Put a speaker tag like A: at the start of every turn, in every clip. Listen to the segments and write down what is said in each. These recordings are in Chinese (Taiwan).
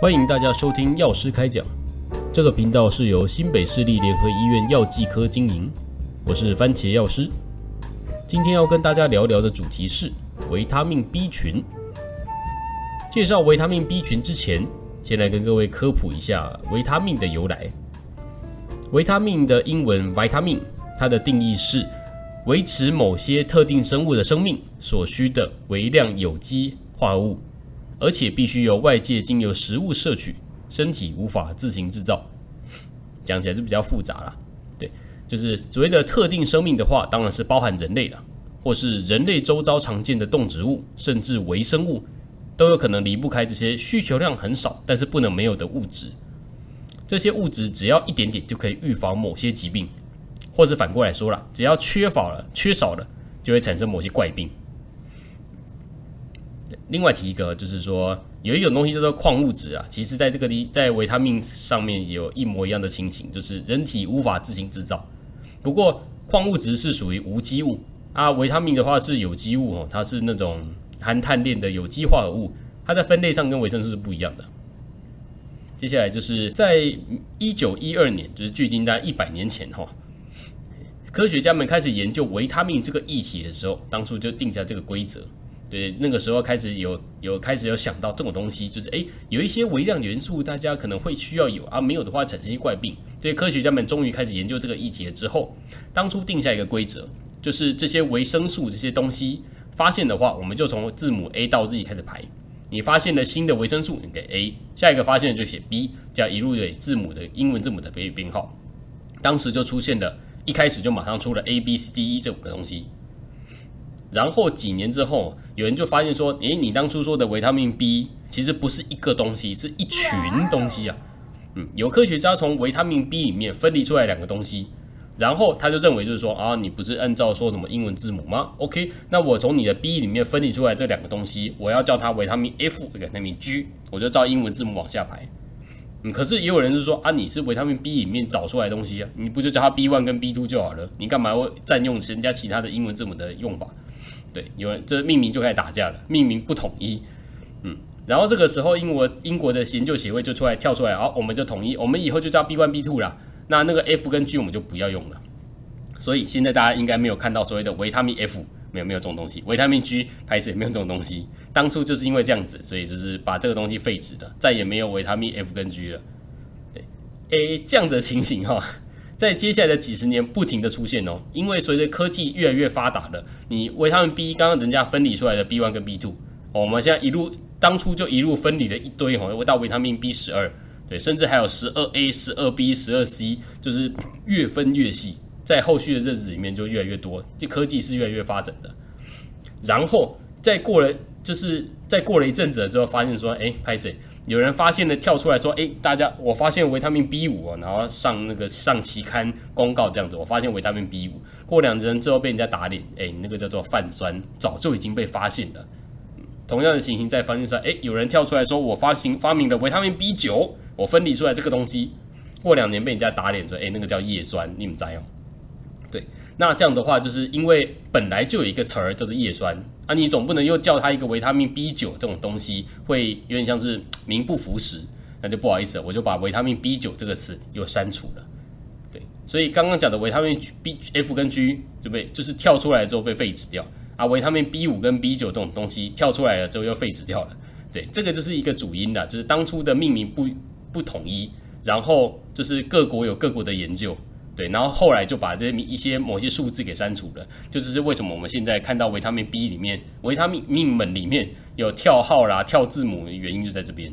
A: 歡迎大家收聽藥師開講，這個頻道是由新北市立聯合醫院藥劑科經營，我是番茄藥師。今天要跟大家聊聊的主題是維他命 B 群。介紹維他命 B 群之前，先來跟各位科普一下維他命的由來。維他命的英文 Vitamin，它的定義是維持某些特定生物的生命所需的微量有機化合物。而且必須由外界經由食物攝取，身體無法自行製造。講起來就比較複雜啦。對，就是所謂的特定生命的話，當然是包含人類了，或是人類周遭常見的動植物，甚至微生物，都有可能離不開這些需求量很少但是不能沒有的物質。這些物質只要一點點就可以預防某些疾病，或是反過來說啦，只要缺乏了、缺少了，就會產生某些怪病。另外提一個，就是說有一種東西叫做礦物質啊，其實在這個裡在維他命上面也有一模一樣的情形，就是人體無法自行製造。不過礦物質是屬於無機物啊，維他命的話是有機物哦，它是那種含碳鏈的有機化合物，它在分類上跟維生素是不一樣的。接下來就是在一九一二年，就是距今大概一百年前哈，科學家們開始研究維他命這個議題的時候，當初就定下這個規則。對，那個時候開始有有開始有想到這種東西，就是誒，有一些微量元素，大家可能會需要有啊，沒有的話產生一些怪病。所以科學家們終於開始研究這個議題了之後，當初定下一個規則，就是這些維生素這些東西發現的話，我們就從字母 A 到 Z 開始排。你發現了新的維生素，你給 A，下一個發現就寫 B，這樣一路的字母的英文字母的編編號。當時就出現了，一開始就馬上出了 A、B、C、D、E 這五個東西。然後幾年之後，有人就發現說，誒，你當初說的維他命 B 其實不是一個東西，是一群東西啊。嗯，有科學家從維他命 B 裡面分離出來兩個東西，然後他就認為就是說啊，你不是按照說什麼英文字母嗎？OK，那我從你的 B 裡面分離出來這兩個東西，我要叫它維他命 F，那維他命 G，我就照英文字母往下排。嗯，可是也有人就說啊，你是維他命 B 裡面找出來的東西啊，你不就叫它 B one 跟 B two 就好了，你幹嘛要占用人家其他的英文字母的用法？對，因為這命名就開始打架了，命名不統一，嗯，然後這個時候英國英國的研究協會就出來跳出來，哦，我們就統一，我們以後就叫 B1 B2 了，那那個 F 跟 G 我們就不要用了，所以現在大家應該沒有看到所謂的維他命 F 沒有沒有這種東西，維他命 G 品牌也沒有這種東西，當初就是因為這樣子，所以就是把這個東西廢止了，再也沒有維他命 F 跟 G 了，對，誒，這樣的情形哈、哦。在接下來的幾十年，不停的出現哦，因為隨着科技越來越發達了，你維他命 B 剛剛人家分離出來的 B one 跟 B two，我們現在一路當初就一路分離了一堆哦，又到維他命 B 十二，對，甚至還有十二 A、十二 B、十二 C，就是越分越細，在後續的日子裡面就越來越多，這科技是越來越發展的。然後再過了，就是再過了一陣子之後，發現說，哎、欸，拍誰？有人發現了跳出來說，哎、欸，大家，我發現維他命 B 五然後上那個上期刊公告這樣子，我發現維他命 B 五，過兩年之後被人家打臉，哎、欸，那個叫做泛酸，早就已經被發現了。同樣的情形在發生上，哎、欸，有人跳出來說，我發行發明了維他命 B 九，我分離出來這個東西，過兩年被人家打臉說，哎、欸，那個叫葉酸，你們知道用。對，那這樣的話，就是因為本來就有一個詞兒叫做葉酸。啊，你總不能又叫它一個維他命 B 九這種東西，會有點像是名不符實，那就不好意思了，我就把維他命 B 九這個詞又刪除了。對，所以剛剛講的維他命 B、F 跟 G 就被就是跳出來之後被廢止掉啊，維他命 B 五跟 B 九這種東西跳出來了之後又廢止掉了。對，這個就是一個主因啦，就是當初的命名不不統一，然後就是各國有各國的研究。對，然後後來就把這一些某些數字給刪除了，就是為什麼我們現在看到維他命 B 裡面，維他命命名裡面有跳號啦、跳字母的原因就在這邊。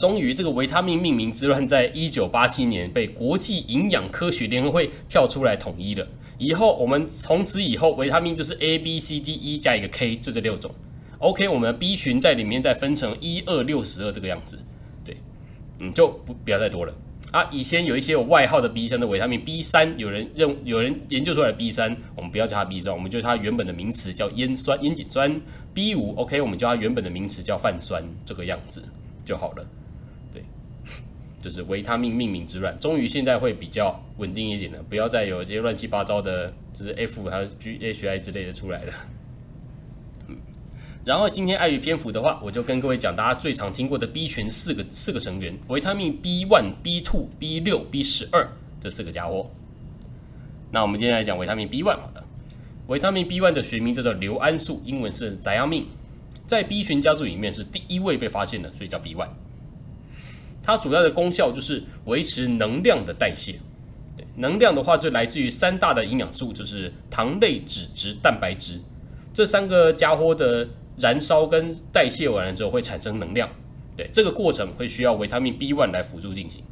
A: 終於，這個維他命命名之亂，在一九八七年被國際營養科學聯合會跳出來統一了。以後，我們從此以後，維他命就是 A、B、C、D、E 加一個 K，就這六種。OK，我們的 B 群在裡面再分成一二六十二這個樣子。對，嗯，就不不要再多了。啊，以前有一些有外號的 B，像的維他命 B 三，有人認有人研究出來的 B 三，我們不要叫它 B 三，我們就它原本的名詞叫菸酸、菸鹼酸。B 五，OK，我們叫它原本的名詞叫泛酸，這個樣子就好了。對，就是維他命命名之亂，終於現在會比較穩定一點了，不要再有一些亂七八糟的，就是 F 五還有 GHI 之類的出來了。然後今天礙於篇幅的話，我就跟各位講大家最常聽過的 B 群四個四個成員：維他命 B one、B two、B 六、B 十二這四個家伙。那我們今天來講維他命 B one 好了。維他命 B one 的學名叫做硫胺素，英文是 Thiamine，在 B 群家族裡面是第一位被發現的，所以叫 B one。它主要的功效就是維持能量的代謝。對，能量的話就來自於三大的營養素，就是糖類、脂質、蛋白質這三個家伙的。燃燒跟代謝完了之後會產生能量，對，這個過程會需要維他命 B one 來輔助進行。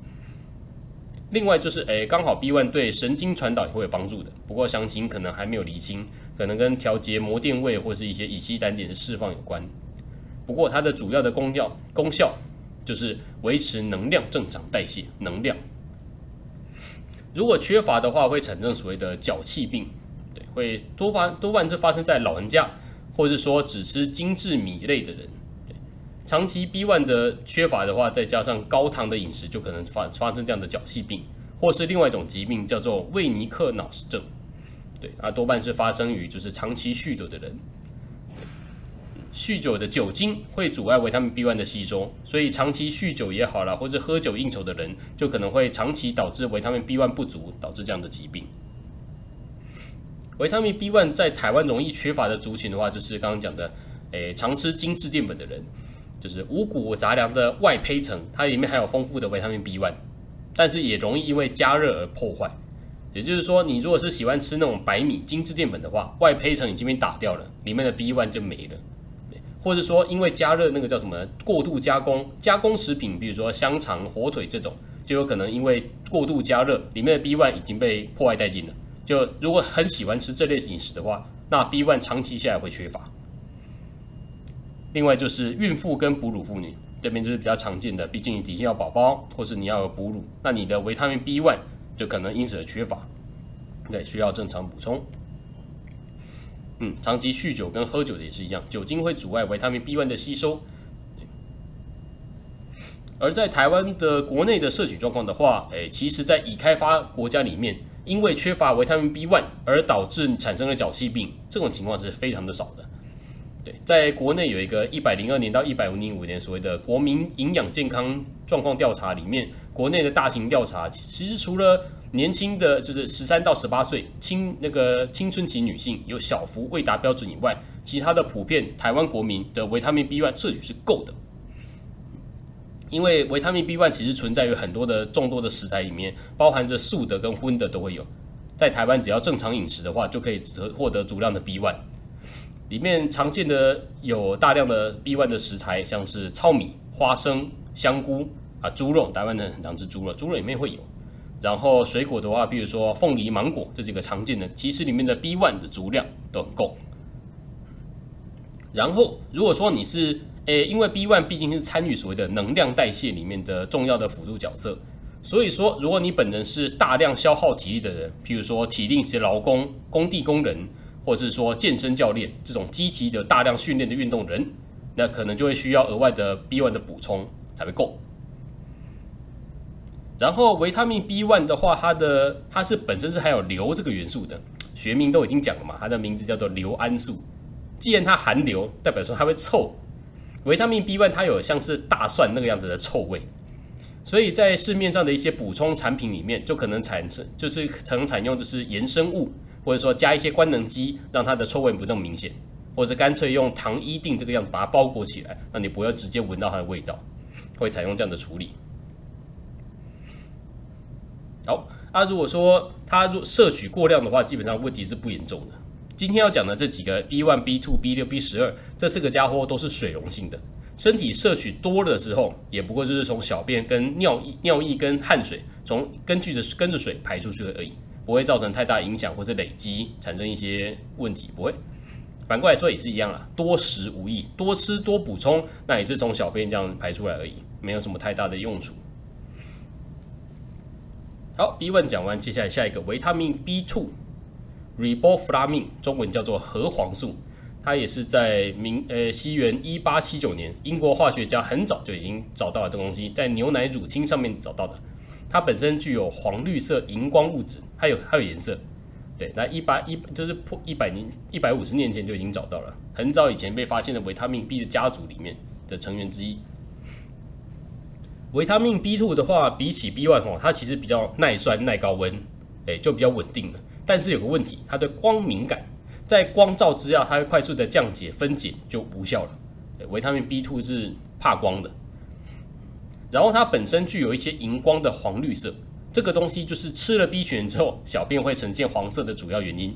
A: 另外就是，誒，剛好 B one 對神經傳導也會有幫助的。不過詳情可能還沒有釐清，可能跟調節膜電位或是一些乙醯膽鹼的釋放有關。不過它的主要的功效功效就是維持能量正常代謝，能量。如果缺乏的話，會產生所謂的腳氣病，對，會多發，多半是發生在老人家。或者說只吃精致米類的人，對，長期 B1 的缺乏的話，再加上高糖的飲食，就可能發發生這樣的腳氣病，或是另外一種疾病叫做韋尼克腦症，對，啊，多半是發生於就是長期酗酒的人，酗酒的酒精會阻礙維他命 B1 的吸收，所以長期酗酒也好啦，或者喝酒應酬的人，就可能會長期導致維他命 B1 不足，導致這樣的疾病。維他命 B1 在台灣容易缺乏的族群的話，就是剛剛講的，誒，常吃精致澱粉的人，就是五谷雜糧的外胚層，它裡面含有豐富的維他命 B1，但是也容易因為加熱而破壞。也就是說，你如果是喜歡吃那種白米、精致澱粉的話，外胚層已經被打掉了，裡面的 B1 就沒了。或者說，因為加熱那個叫什麼，過度加工加工食品，比如說香腸、火腿這種，就有可能因為過度加熱，裡面的 B1 已經被破壞殆盡了。就如果很喜歡吃這類飲食的話，那 B1 長期下來會缺乏。另外就是孕婦跟哺乳婦女，這邊就是比較常見的，畢竟你底下要寶寶，或是你要有哺乳，那你的維他命 B1 就可能因此而缺乏，對，需要正常補充。嗯，長期酗酒跟喝酒的也是一樣，酒精會阻礙維他命 B1 的吸收。而在台灣的國內的攝取狀況的話，誒，其實在已開發國家裡面。因為缺乏維他命 B1 而導致產生了腳氣病，這種情況是非常的少的。對，在國內有一個一百零二年到一百零五年所謂的國民營養健康狀況調查裡面，國內的大型調查其實除了年輕的就是十三到十八歲青那個青春期女性有小幅未達標準以外，其他的普遍台灣國民的維他命 B1 攝取是夠的。因為維他命 B1 其實存在於很多的眾多的食材裡面，包含着素的跟葷的都會有。在台灣只要正常飲食的話，就可以得獲得足量的 B1。裡面常見的有大量的 B1 的食材，像是糙米、花生、香菇啊、豬肉，台灣人很常吃豬肉，豬肉裡面會有。然後水果的話，比如說鳳梨、芒果，這幾個常見的，其實裡面的 B1 的足量都很夠。然後如果說你是誒，因為 B1 畢竟是參與所謂的能量代謝裡面的重要的輔助角色，所以說如果你本人是大量消耗體力的人，比如說體力一些勞工、工地工人，或者是說健身教練這種積極的大量訓練的運動人，那可能就會需要額外的 B1 的補充才會夠。然後維他命 B1 的話，它的它是本身是含有硫這個元素的，學名都已經講了嘛，它的名字叫做硫胺素。既然它含硫，代表說它會臭。維他命 B1 它有像是大蒜那個樣子的臭味，所以在市面上的一些補充產品裡面，就可能產生就是曾採用就是衍生物，或者說加一些官能基，讓它的臭味不那麼明顯，或者乾脆用糖衣錠這個樣子把它包裹起來，讓你不要直接聞到它的味道，會採用這樣的處理。好，那、啊、如果說它若攝取過量的話，基本上問題是不嚴重的。今天要講的這幾個 B 1 B 2 B 六、B 十二這四個家伙都是水溶性的，身體攝取多了之後，也不過就是從小便、跟尿液、尿液跟汗水，從根據着跟着水排出去而已，不會造成太大影響或者累積產生一些問題，不會。反過來說也是一樣啊，多食無益，多吃多補充，那也是從小便這樣排出來而已，沒有什麼太大的用處。好，B 1講完，接下來下一個維他命 B 2。riboflavin 中文叫做核黃素，它也是在明呃、西元一八七九年，英國化學家很早就已經找到了這個東西，在牛奶乳清上面找到的。它本身具有黃綠色熒光物質，還有還有顏色。對，那一八一就是破一百年，一百五十年前就已經找到了，很早以前被發現的維他命 B 的家族裡面的成員之一。維他命 B two 的話，比起 B one 吼，它其實比較耐酸耐高溫，誒、欸，就比較穩定了。但是有個問題，它對光敏感，在光照之下，它會快速的降解分解，就無效了。維他命 B two 是怕光的，然後它本身具有一些熒光的黃綠色，這個東西就是吃了 B 群之後，小便會呈現黃色的主要原因。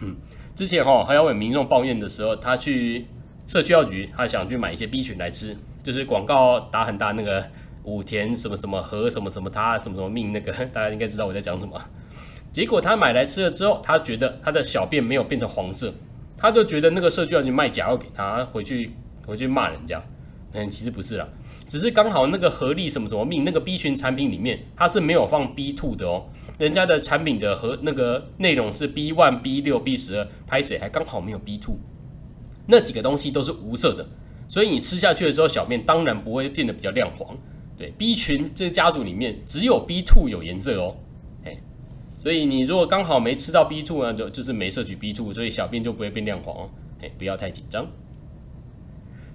A: 嗯，之前，哈還有位民眾抱怨的時候，他去社區藥局，他想去買一些 B 群來吃，就是廣告打很大，那個武田什麼什麼和什麼什麼他什麼什麼命那個，大家應該知道我在講什麼。結果他買來吃了之後，他覺得他的小便沒有變成黃色，他就覺得那個社區要去賣假藥給他，回去回去罵人家。嗯，其實不是啦，只是剛好那個合利什麼什麼命，那個 B 群產品裡面它是沒有放 B two 的哦。人家的產品的和那個內容是 B one、B 六、B 十二，拍謝還剛好沒有 B two，那幾個東西都是無色的，所以你吃下去了之後，小便當然不會變得比較亮黃。對，B 群這個家族裡面，只有 B two 有顏色哦。所以你如果剛好沒吃到 B two 呢，就就是沒攝取 B two，所以小便就不會變亮黃，哎，不要太緊張。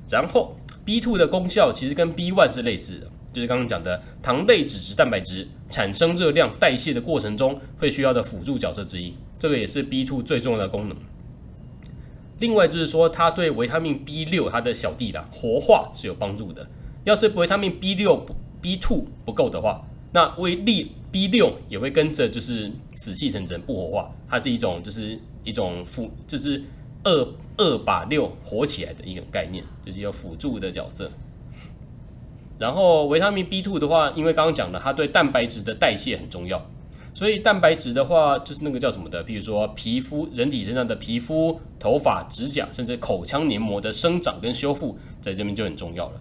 A: 然後 B two 的功效其實跟 B one 是類似的，就是剛剛講的糖類、脂質、蛋白質產生熱量代謝的過程中會需要的輔助角色之一，這個也是 B two 最重要的功能。另外就是說，它對維他命 B 六它的小弟的活化是有幫助的。要是維他命 B 六 B two 不夠的話，那為力。B 六也會跟着就是死氣沉沉不活化，它是一種就是一種輔就是二二把六活起來的一個概念，就是要輔助的角色。然後維他命 B two 的話，因為剛剛講了它對蛋白質的代謝很重要，所以蛋白質的話就是那個叫什麼的，譬如說皮膚、人體身上的皮膚、頭髮、指甲，甚至口腔黏膜的生長跟修復，在這邊就很重要了。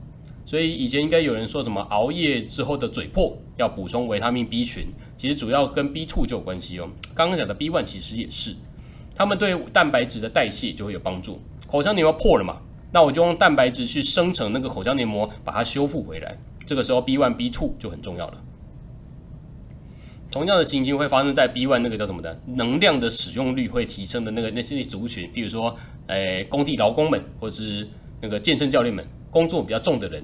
A: 所以以前應該有人說什麼熬夜之後的嘴破要補充維他命 B 群，其實主要跟 B two 就有關係哦。剛剛講的 B one 其實也是，他們對蛋白質的代謝就會有幫助。口腔黏膜破了嘛，那我就用蛋白質去生成那個口腔黏膜，把它修復回來。這個時候 B one B two 就很重要了。同樣的情形會發生在 B one 那個叫什麼呢？能量的使用率會提升的那個那些族群，比如說誒、欸、工地勞工們，或是那個健身教練們。工作比較重的人，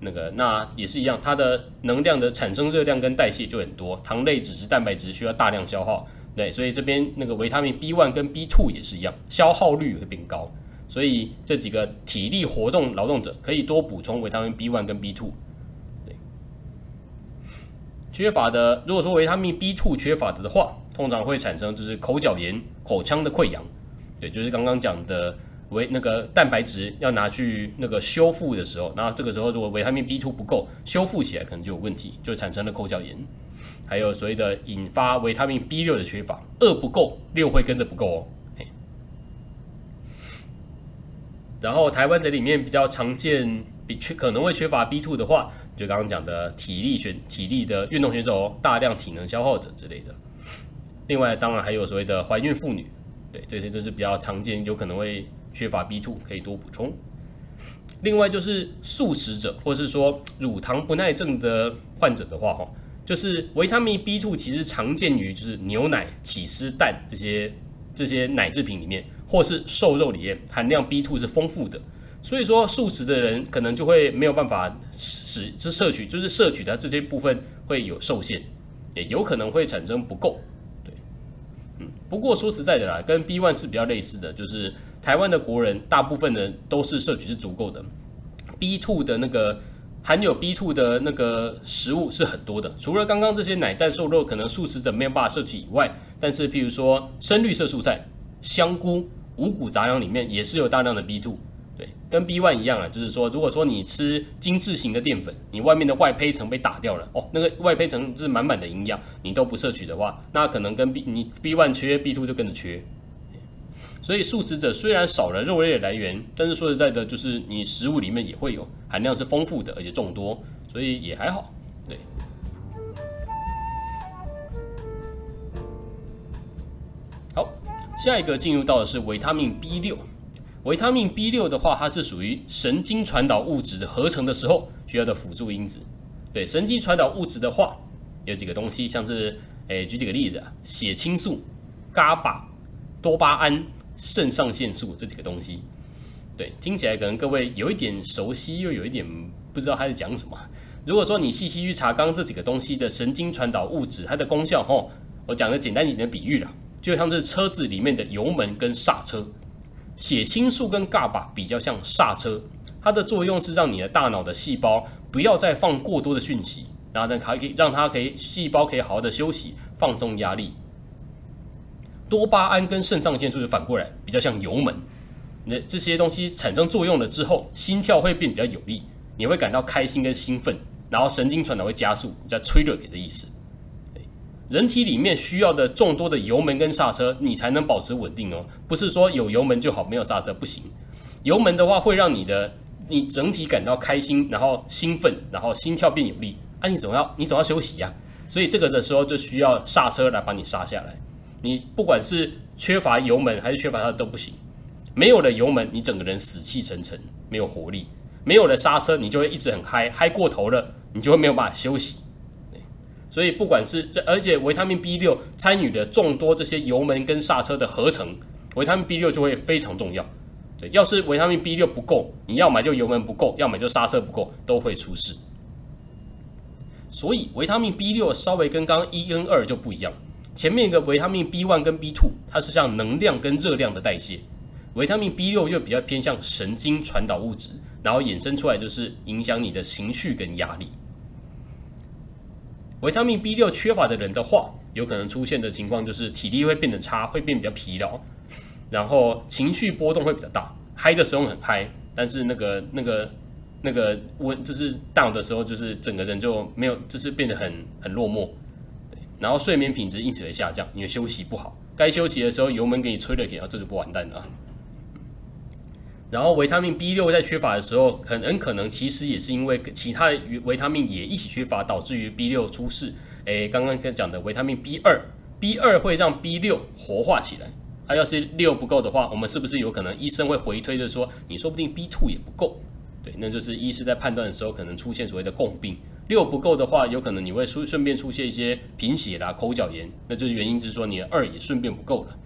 A: 那個那也是一樣，它的能量的產生熱量跟代謝就很多，糖類、脂質、蛋白質需要大量消耗，對，所以這邊那個維他命 B one 跟 B two 也是一樣，消耗率會變高，所以這幾個體力活動勞動者可以多補充維他命 B one 跟 B two，對，缺乏的，如果說維他命 B two 缺乏的的話，通常會產生就是口角炎、口腔的潰瘍，對，就是剛剛講的。維那個蛋白質要拿去那個修復的時候，那這個時候如果維他命 B two 不夠，修復起來可能就有問題，就產生了口角炎，還有所謂的引發維他命 B 六的缺乏，二不夠，六會跟着不夠哦。嘿。然後台灣這裡面比較常見，比缺可能會缺乏 B two 的話，就剛剛講的體力選體力的運動選手，大量體能消耗者之類的。另外，當然還有所謂的懷孕婦女，對，這些都是比較常見，有可能會。缺乏 B2 可以多補充，另外就是素食者，或是說乳糖不耐症的患者的話，哈，就是維他命 B2 其實常見於就是牛奶、起司、蛋這些這些奶製品裡面，或是瘦肉裡面，含量 B2 是豐富的。所以說素食的人可能就會沒有辦法使之攝取，就是攝取的這些部分會有受限，也有可能會產生不夠。對，嗯，不過說實在的啦，跟 B1 是比較類似的，就是。台灣的國人，大部分人都是攝取是足夠的。B2 的那個含有 B2 的那個食物是很多的，除了剛剛這些奶蛋瘦肉，可能素食者沒有辦法攝取以外，但是譬如說深綠色蔬菜、香菇、五穀雜糧裡面也是有大量的 B2。對，跟 B1 一樣啊，就是說，如果說你吃精緻型的澱粉，你外面的外胚層被打掉了，哦，那個外胚層是滿滿的營養，你都不攝取的話，那可能跟你 B 你 B1 缺，B2 就跟着缺。所以素食者雖然少了肉類的來源，但是說實在的，就是你食物裡面也會有含量是豐富的，而且眾多，所以也還好。對，好，下一個進入到的是維他命 B 六。維他命 B 六的話，它是屬於神經傳導物質的合成的時候需要的輔助因子。對，神經傳導物質的話，有幾個東西，像是，誒、欸，舉幾個例子啊，血清素、伽巴、多巴胺。腎上腺素這幾個東西，對，聽起來可能各位有一點熟悉，又有一點不知道它在講什麼。如果說你細細去查，剛剛這幾個東西的神經傳導物質，它的功效，哦，我講個簡單一點的比喻了，就像是車子裡面的油門跟剎車。血清素跟 GABA 比較像剎車，它的作用是讓你的大腦的細胞不要再放過多的訊息，然後呢，它可以讓它可以，它可以細胞可以好好的休息，放鬆壓力。多巴胺跟腎上腺素就反過來比較像油門，那這些東西產生作用了之後，心跳會變比較有力，你會感到開心跟興奮，然後神經傳導會加速，叫催熱給的意思。人體裡面需要的眾多的油門跟剎車，你才能保持穩定哦。不是說有油門就好，沒有剎車不行。油門的話會讓你的你整體感到開心，然後興奮，然後心跳變有力。啊，你總要你總要休息呀、啊，所以這個的時候就需要剎車來把你剎下來。你不管是缺乏油門還是缺乏它都不行，沒有了油門，你整個人死氣沉沉，沒有活力；沒有了剎車，你就會一直很嗨，嗨過頭了，你就會沒有辦法休息。所以不管是這，而且維他命 B 六參與的眾多這些油門跟剎車的合成，維他命 B 六就會非常重要。對，要是維他命 B 六不夠，你要麼就油門不夠，要麼就剎車不夠，都會出事。所以維他命 B 六稍微跟剛一跟二就不一樣。前面一個維他命 B one 跟 B two，它是像能量跟熱量的代謝。維他命 B 六就比較偏向神經傳導物質，然後衍生出來就是影響你的情緒跟壓力。維他命 B 六缺乏的人的話，有可能出現的情況就是體力會變得差，會變得比較疲勞，然後情緒波動會比較大，嗨的時候很嗨，但是那個那個那個溫就是 down 的時候，就是整個人就沒有，就是變得很很落寞。然後睡眠品質因此也下降，因為休息不好，該休息的時候油門給你催了去，那這就不完蛋了。然後維他命 B 六在缺乏的時候，很很可能其實也是因為其他的維他命也一起缺乏，導致於 B 六出事。哎，剛剛跟講的維他命 B 二，B 二會讓 B 六活化起來，它、啊、要是六不夠的話，我們是不是有可能醫生會回推的說，你說不定 B two 也不夠？對，那就是醫師在判斷的時候可能出現所謂的共病。六不夠的話，有可能你會順順便出現一些貧血啦、口角炎，那就是原因，就是說你的二也順便不夠了，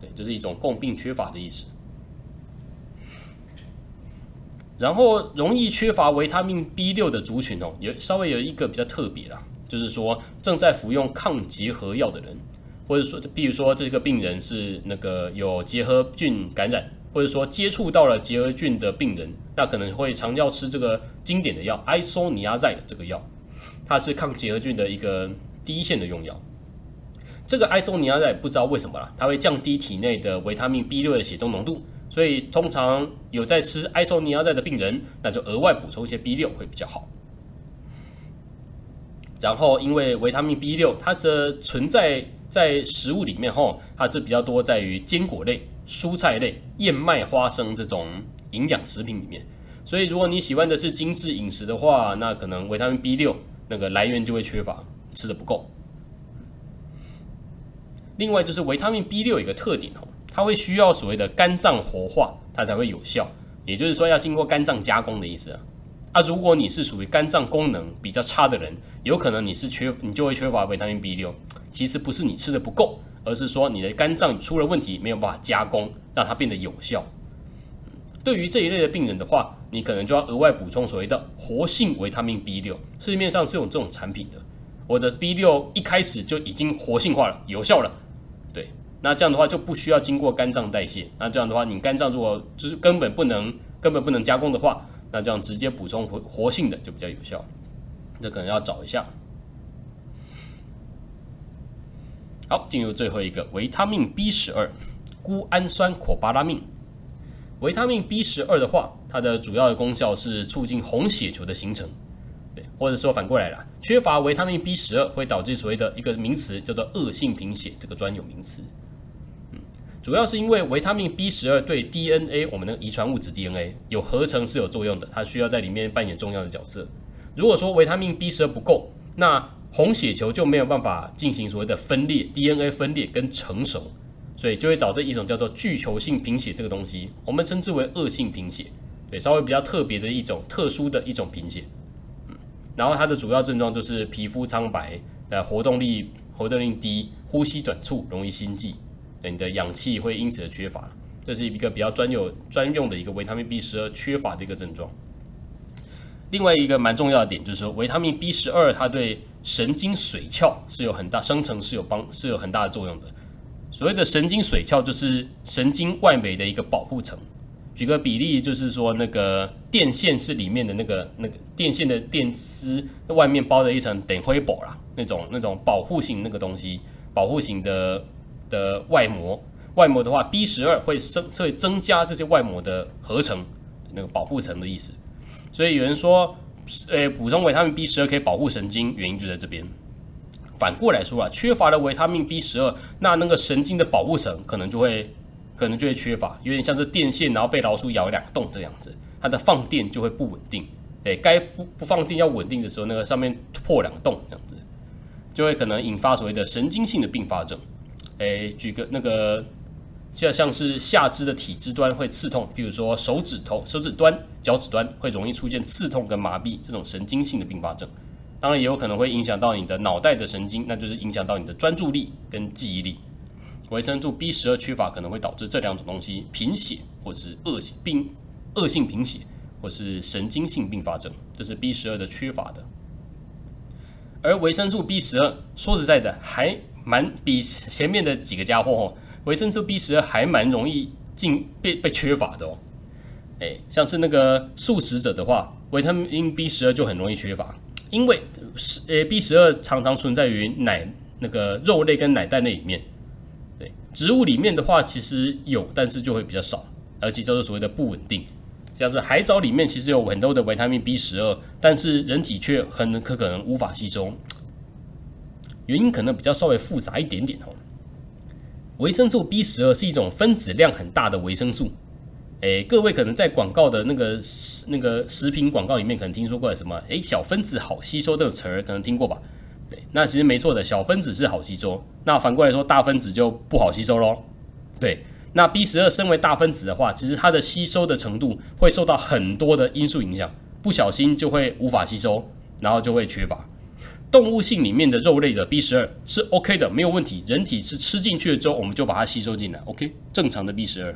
A: 對，這、就是一種共病缺乏的意思。然後容易缺乏維他命 B 六的族群哦，有稍微有一個比較特別啦，就是說正在服用抗結核藥的人，或者說比如說這個病人是那個有結核菌感染。或者說接觸到了結核菌的病人，那可能會常要吃這個經典的藥，異煙肼這個藥，它是抗結核菌的一個第一線的用藥。這個異煙肼不知道為什麼啦，它會降低體內的維他命 B 六的血中濃度，所以通常有在吃異煙肼的病人，那就額外補充一些 B 六會比較好。然後因為維他命 B 六，它的存在在食物裡面哈，它是比較多在於堅果類。蔬菜類、燕麥、花生這種營養食品裡面，所以如果你喜歡的是精致飲食的話，那可能維他命 B 六那個來源就會缺乏，吃得不夠。另外就是維他命 B 六有一個特點哦，它會需要所謂的肝臟活化，它才會有效。也就是說，要經過肝臟加工的意思啊，啊。如果你是屬於肝臟功能比較差的人，有可能你是缺，你就會缺乏維他命 B 六。其實不是你吃得不夠。而是說你的肝臟出了問題，沒有辦法加工，讓它變得有效。對於這一類的病人的話，你可能就要額外補充所謂的活性維他命 B 六，市面上是有這種產品的。我的 B 六一開始就已經活性化了，有效了。對，那這樣的話就不需要經過肝臟代謝。那這樣的話，你肝臟如果就是根本不能、根本不能加工的話，那這樣直接補充活活性的就比較有效。這可能要找一下。好，進入最後一個維他命 B 十二，鈷胺酸庫巴拉敏。維他命 B 十二的話，它的主要的功效是促進紅血球的形成，對，或者說反過來了，缺乏維他命 B 十二會導致所謂的一個名詞叫做惡性貧血，這個專有名詞。嗯，主要是因為維他命 B 十二對 DNA，我們的遺傳物質 DNA 有合成是有作用的，它需要在裡面扮演重要的角色。如果說維他命 B 十二不夠，那紅血球就沒有辦法進行所謂的分裂、DNA 分裂跟成熟，所以就會造成一種叫做巨球性貧血這個東西，我們稱之為惡性貧血，對，稍微比較特別的一種特殊的一種貧血。嗯，然後它的主要症狀就是皮膚蒼白、呃，活動力、活動力低、呼吸短促、容易心悸，對你的氧氣會因此而缺乏，這是一個比較專有專用的一個維他命 B 十二缺乏的一個症狀。另外一個蠻重要的點就是說，維他命 B 十二它對神經髓鞘是有很大生成，是有幫是有很大的作用的，所謂的神經髓鞘就是神經外圍的一個保護層。舉個比例，就是說那個電線是裡面的那個那個電線的電絲外面包着一層等灰箔啦，那種那種保護性那個東西，保護性的的外膜。外膜的話，B 十二會生會增加這些外膜的合成，那個保護層的意思。所以有人說。誒，補充維他命 B 十二可以保護神經，原因就在這邊。反過來說啊，缺乏了維他命 B 十二，那那個神經的保護層可能就會，可能就會缺乏，有點像是電線，然後被老鼠咬兩個洞這樣子，它的放電就會不穩定。誒，該不不放電要穩定的時候，那個上面破兩個洞這樣子，就會可能引發所謂的神經性的併發症。誒，舉個那個。像像是下肢的體肢端會刺痛，比如說手指頭、手指端、腳趾端會容易出現刺痛跟麻痹這種神經性的併發症，當然也有可能會影響到你的腦袋的神經，那就是影響到你的專注力跟記憶力。維生素 B 十二缺乏可能會導致這兩種東西：貧血或是惡性病、惡性貧血或是神經性併發症。這是 B 十二的缺乏的。而維生素 B 十二，說實在的，還蠻比前面的幾個家伙哦。維生素 B 十二還蠻容易進被被缺乏的哦，哎，像是那個素食者的話，維他，命 B 十二就很容易缺乏，因為是呃 B 十二常常存在於奶那個肉類跟奶蛋類裡面，對，植物裡面的話其實有，但是就會比較少，而且就是所謂的不穩定，像是海藻裡面其實有很多的維他命 B 十二，但是人體卻很可可能無法吸收，原因可能比較稍微複雜一點點哦。維生素 B 十二是一種分子量很大的維生素，誒，各位可能在廣告的那個那個食品廣告裡面可能聽說過什麼？誒，小分子好吸收這個詞兒可能聽過吧？對，那其實沒錯的，小分子是好吸收，那反過來說，大分子就不好吸收嘍。對，那 B 十二身為大分子的話，其實它的吸收的程度會受到很多的因素影響，不小心就會無法吸收，然後就會缺乏。動物性裡面的肉類的 B 十二是 OK 的，沒有問題。人體是吃進去了之後，我們就把它吸收進來，OK 正常的 B 十二。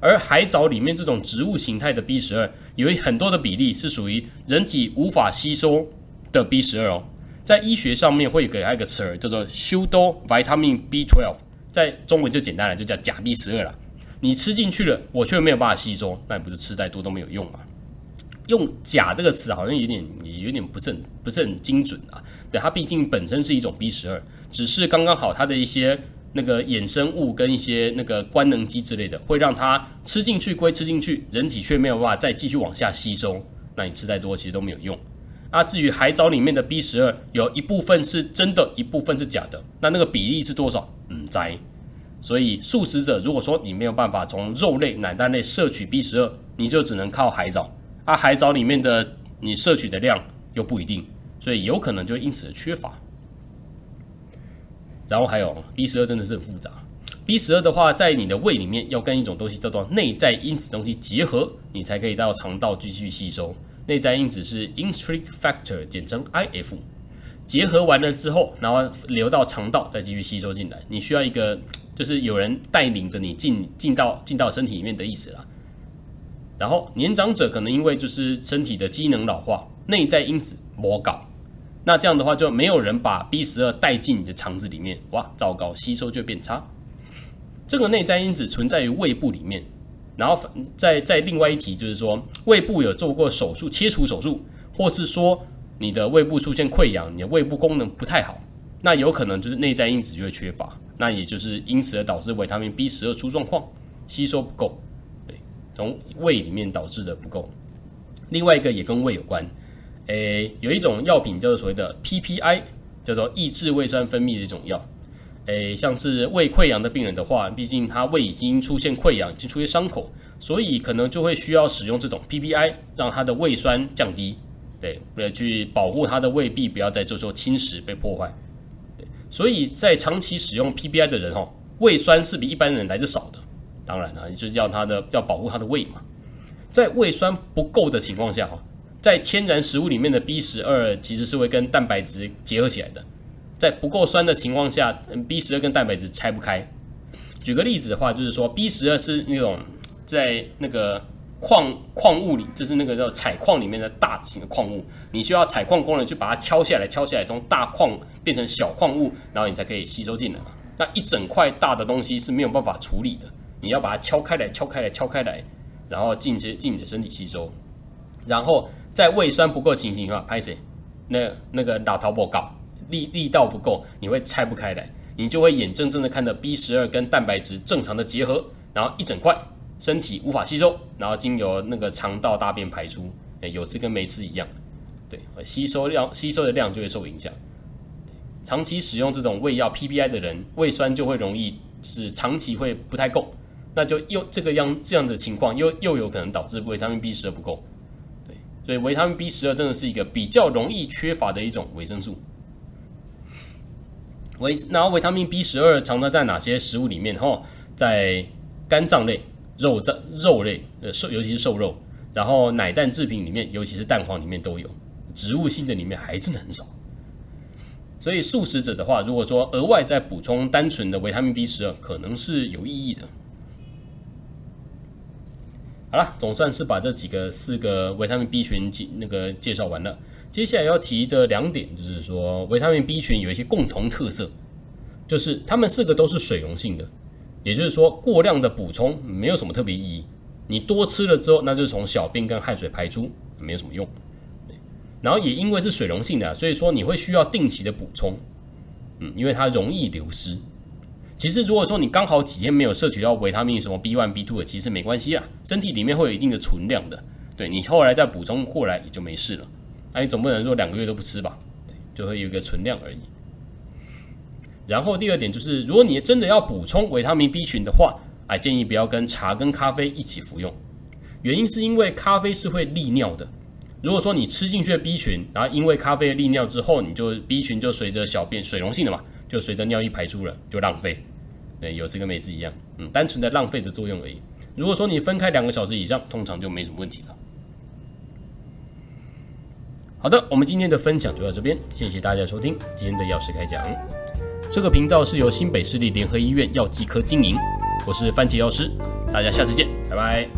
A: 而海藻裡面這種植物形態的 B 十二，有很多的比例是屬於人體無法吸收的 B 十二哦。在醫學上面會給它一個詞兒，叫做 pseudo vitamin B twelve，在中文就簡單了，就叫假 B 十二了。你吃進去了，我卻沒有辦法吸收，那不是吃再多都沒有用嗎？用“假”這個詞好像有點有點不是很不是很精準啊。對，它畢竟本身是一種 B 十二，只是剛剛好它的一些那個衍生物跟一些那個官能基之類的，會讓它吃進去歸吃進去，人體卻沒有辦法再繼續往下吸收。那你吃再多其實都沒有用啊。那至於海藻裡面的 B 十二，有一部分是真的，一部分是假的，那那個比例是多少？嗯，在。所以素食者如果說你沒有辦法從肉類、奶蛋類攝取 B 十二，你就只能靠海藻。啊，海藻裡面的你攝取的量又不一定，所以有可能就因此缺乏。然後還有 B 十二真的是很複雜，B 十二的話在你的胃裡面要跟一種東西叫做內在因子東西結合，你才可以到腸道繼續吸收。內在因子是 intrinsic factor，簡稱 IF。結合完了之後，然後流到腸道再繼續吸收進來，你需要一個就是有人帶領着你進進到進到身體裡面的意思啦。然後年長者可能因為就是身體的機能老化，內在因子磨搞，那這樣的話就沒有人把 B 十二帶進你的腸子裡面，哇，糟糕，吸收就變差。這個內在因子存在於胃部裡面，然後再再另外一題就是說胃部有做過手術切除手術，或是說你的胃部出現潰瘍，你的胃部功能不太好，那有可能就是內在因子就會缺乏，那也就是因此而導致維他命 B 十二出狀況，吸收不夠。從胃裡面導致的不夠，另外一個也跟胃有關，誒，有一種藥品叫做所謂的 PPI，叫做抑制胃酸分泌的一種藥，誒，像是胃潰瘍的病人的話，畢竟他胃已經出現潰瘍，已經出現傷口，所以可能就會需要使用這種 PPI，讓他的胃酸降低，對，對，去保護他的胃壁不要再做做侵蝕被破壞，對，所以在長期使用 PPI 的人哦，胃酸是比一般人來的少的。當然啊，就是要它的要保護它的胃嘛。在胃酸不夠的情況下，哈，在天然食物裡面的 B 十二其實是會跟蛋白質結合起來的。在不夠酸的情況下，嗯，B 十二跟蛋白質拆不開。舉個例子的話，就是說 B 十二是那種在那個礦礦物裡，就是那個叫採礦裡面的大型的礦物，你需要採礦工人去把它敲下來，敲下來從大礦變成小礦物，然後你才可以吸收進來嘛。那一整塊大的東西是沒有辦法處理的。你要把它敲開來，敲開來，敲開來，然後進行進你的身體吸收，然後在胃酸不夠情形下拍誰，那那個老頭不搞力力道不夠，你會拆不開來，你就會眼睜睜的看到 B 十二跟蛋白質正常的結合，然後一整塊身體無法吸收，然後經由那個腸道大便排出，哎，有吃跟沒吃一樣，對，吸收量吸收的量就會受影響。長期使用這種胃藥 PPI 的人，胃酸就會容易，就是長期會不太夠。那就又這個樣這樣的情況，又又有可能導致維他命 B 十二不夠，對，所以維他命 B 十二真的是一個比較容易缺乏的一種維生素。維然後維他命 B 十二常常在哪些食物裡面？哈，在肝臟類、肉在肉類，呃瘦尤其是瘦肉，然後奶蛋制品裡面，尤其是蛋黃裡面都有，植物性的裡面還真的很少。所以素食者的話，如果說額外再補充單純的維他命 B 十二，可能是有意義的。好了，總算是把這幾個四個維他命 B 群介，那個介紹完了。接下來要提的兩點，就是說維他命 B 群有一些共同特色，就是它們四個都是水溶性的，也就是說過量的補充沒有什麼特別意義。你多吃了之後，那就是從小便跟汗水排出，沒有什麼用。然後也因為是水溶性的，所以說你會需要定期的補充，嗯，因為它容易流失。其實，如果說你剛好幾天沒有攝取到維他命什麼 B one B two 的，其實沒關係啊，身體裡面會有一定的存量的。對，你後來再補充過來也就沒事了。那你總不能說兩個月都不吃吧？就會有一個存量而已。然後第二點就是，如果你真的要補充維他命 B 羣的話，還、啊、建議不要跟茶跟咖啡一起服用。原因是因為咖啡是會利尿的。如果說你吃進去的 B 群，然後因為咖啡利尿之後，你就 B 群就隨着小便，水溶性的嘛，就隨着尿液排出了，就浪費。對，有吃跟沒吃一樣，嗯，單純的浪費的作用而已。如果說你分開兩個小時以上，通常就沒什麼問題了。好的，我們今天的分享就到這邊，謝謝大家收聽今天的藥師開講。這個頻道是由新北市立聯合醫院藥劑科經營，我是番茄藥師，大家下次見，拜拜。